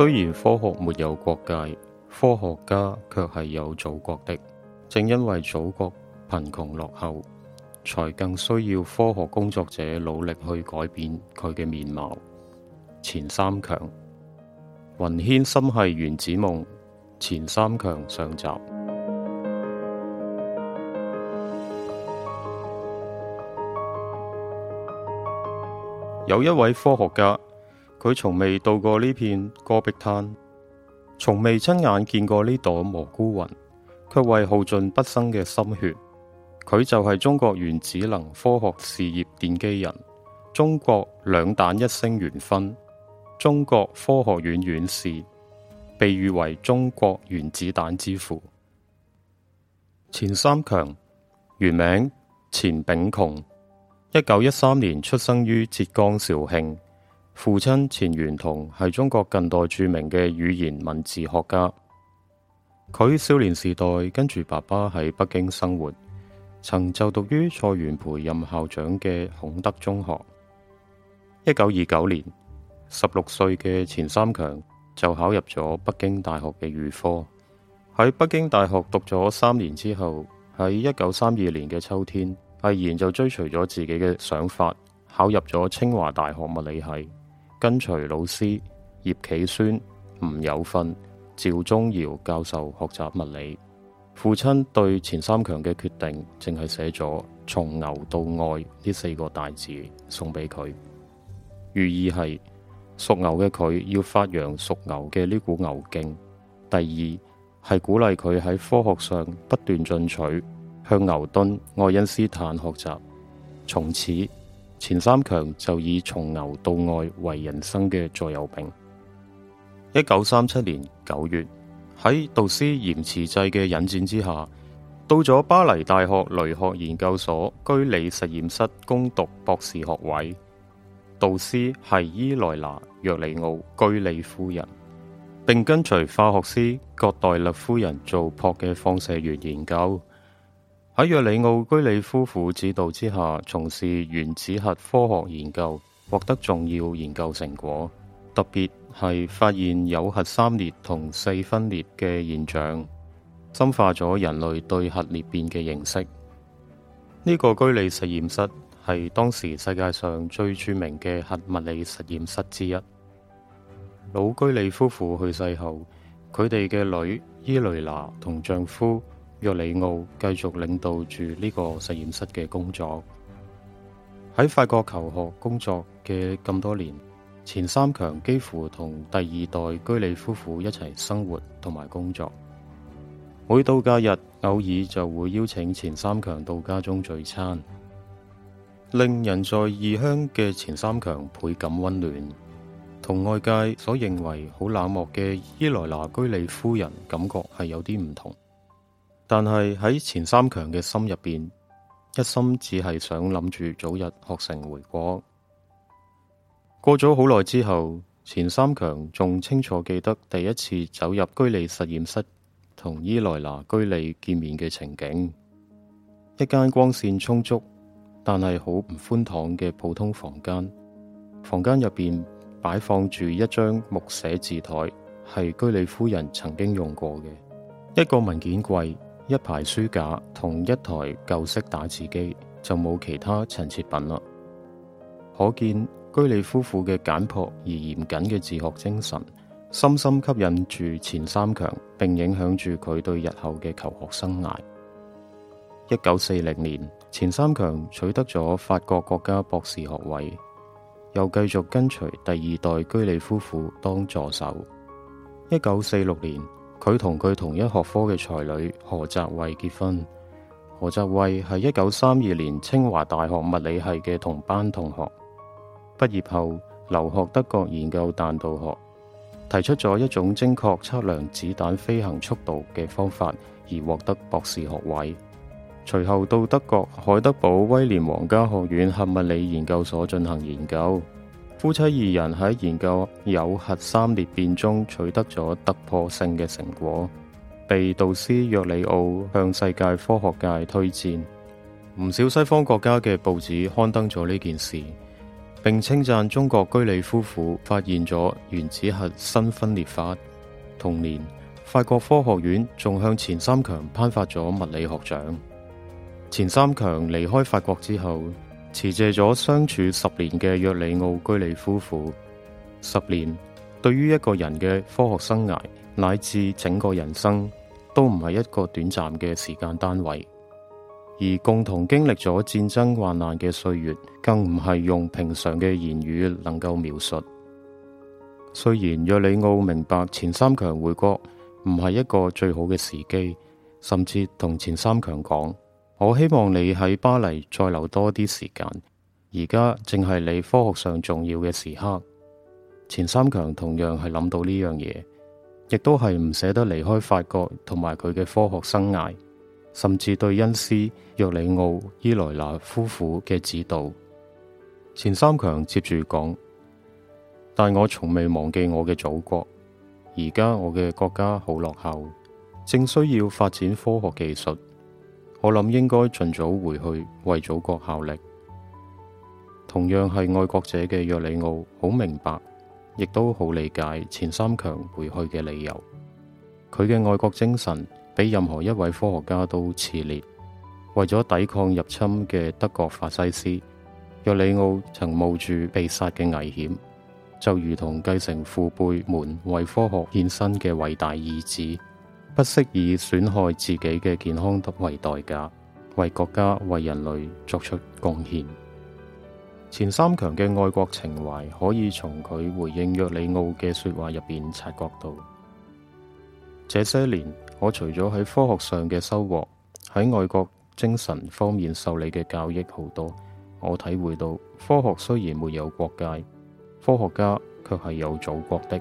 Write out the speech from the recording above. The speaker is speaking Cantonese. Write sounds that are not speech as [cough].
雖然科學沒有國界，科學家卻係有祖國的。正因為祖國貧窮落後，才更需要科學工作者努力去改變佢嘅面貌。錢三強，雲牽心繫原子夢。錢三強上集， [music] 有一位科學家。佢從未到過呢片戈壁灘，從未親眼見過呢朵蘑菇雲，卻為耗盡畢生嘅心血，佢就係中國原子能科學事業奠基人，中國兩彈一星元勳，中國科學院院士，被譽為中國原子彈之父。錢三強，原名錢秉穹，一九一三年出生於浙江紹興。父親錢玄同係中國近代著名嘅語言文字學家。佢少年時代跟住爸爸喺北京生活，曾就讀於蔡元培任校長嘅孔德中學。一九二九年，十六歲嘅錢三強就考入咗北京大學嘅預科。喺北京大學讀咗三年之後，喺一九三二年嘅秋天，毅然就追隨咗自己嘅想法，考入咗清華大學物理系。跟隨老師葉企孫、吳有訓、趙忠堯教授學習物理。父親對錢三強嘅決定，淨係寫咗從牛到愛呢四個大字送俾佢，寓意，係屬牛嘅佢要發揚屬牛嘅呢股牛勁。第二係鼓勵佢喺科學上不斷進取，向牛頓、愛因斯坦學習。從此，錢三強就以「從牛到愛」為人生嘅座右銘。一九三七年九月，喺導師嚴濟慈嘅引薦之下，到咗巴黎大學鐳學研究所居里實驗室攻讀博士學位。導師係伊萊娜約里奧居里夫人，並跟隨化學師葛代勒夫人做釙嘅放射源研究。喺約里奧居里夫婦指導之下，從事原子核科學研究，獲得重要研究成果，特別係發現有核三裂同四分裂嘅現象，深化咗人類對核裂變嘅認識。呢個居里實驗室係當時世界上最著名嘅核物理實驗室之一。老居里夫婦去世後，佢哋嘅女伊蕾娜同丈夫約里奧繼續領導住呢個實驗室嘅工作。喺法國求學工作嘅咁多年，錢三強幾乎同第二代居里夫婦一齊生活同埋工作。每到假日，偶爾就會邀請錢三強到家中聚餐，令人在異鄉嘅錢三強倍感溫暖。同外界所認為好冷漠嘅伊萊娜居里夫人，感覺係有啲唔同。但係喺錢三強嘅心入邊，一心只係想諗住早日學成回國。過咗好耐之後，錢三強仲清楚記得第一次走入居里實驗室同伊萊娜居里見面嘅情景。一間光線充足，但係好唔寬敞嘅普通房間，房間入邊擺放住一張木寫字台，係居里夫人曾經用過嘅一個文件櫃，一排書架同一台舊式打字機，就冇其他陳設品啦。可見居里夫婦嘅簡樸而嚴謹嘅自學精神，深深吸引住錢三強，並影響住佢對日後嘅求學生涯。一九四零年，錢三強取得咗法國國家博士學位，又繼續跟隨第二代居里夫婦當助手。一九四六年。佢同佢同一學科嘅才女何澤慧結婚。何澤慧係一九三二年清華大學物理系嘅同班同學，畢業後留學德國研究彈道學，提出咗一種精確測量子彈飛行速度嘅方法，而獲得博士學位。隨後到德國海德堡威廉皇家學院核物理研究所進行研究。夫妻二人喺研究鈾核三裂變中取得咗突破性嘅成果，被導師約里奧向世界科學界推薦。唔少西方國家嘅報紙刊登咗呢件事，並稱讚中國居里夫婦發現咗原子核新分裂法。同年，法國科學院仲向錢三強頒發咗物理學獎。錢三強離開法國之後，持謝咗相處十年嘅約里奧居里夫婦，十年對於一個人嘅科學生涯乃至整個人生都唔係一個短暫嘅時間單位，而共同經歷咗戰爭患難嘅歲月，更唔係用平常嘅言語能夠描述。雖然約里奧明白錢三強回國唔係一個最好嘅時機，甚至同錢三強講。我希望你喺巴黎再留多啲時間，而家正係你科學上重要嘅時刻。錢三強同樣係諗到呢樣嘢，亦都係唔捨得離開法國同埋佢嘅科學生涯，甚至對恩師若里奧伊萊娜夫婦嘅指導。錢三強接住講，但我從未忘記我嘅祖國，而家我嘅國家好落後，正需要發展科學技術。我諗應該盡早回去為祖國效力。同樣係愛國者嘅約里奧，好明白，亦都好理解錢三強回去嘅理由。佢嘅愛國精神比任何一位科學家都熾烈。為咗抵抗入侵嘅德國法西斯，約里奧曾冒住被殺嘅危險，就如同繼承父輩們為科學獻身嘅偉大意志。不惜以損害自己嘅健康為代價，為國家、為人類作出貢獻。錢三強嘅愛國情懷，可以從佢回應約里奧嘅說話入邊察覺到。這些年，我除咗喺科學上嘅收穫，喺愛國精神方面受你嘅教益好多。我體會到，科學雖然沒有國界，科學家卻係有祖國的。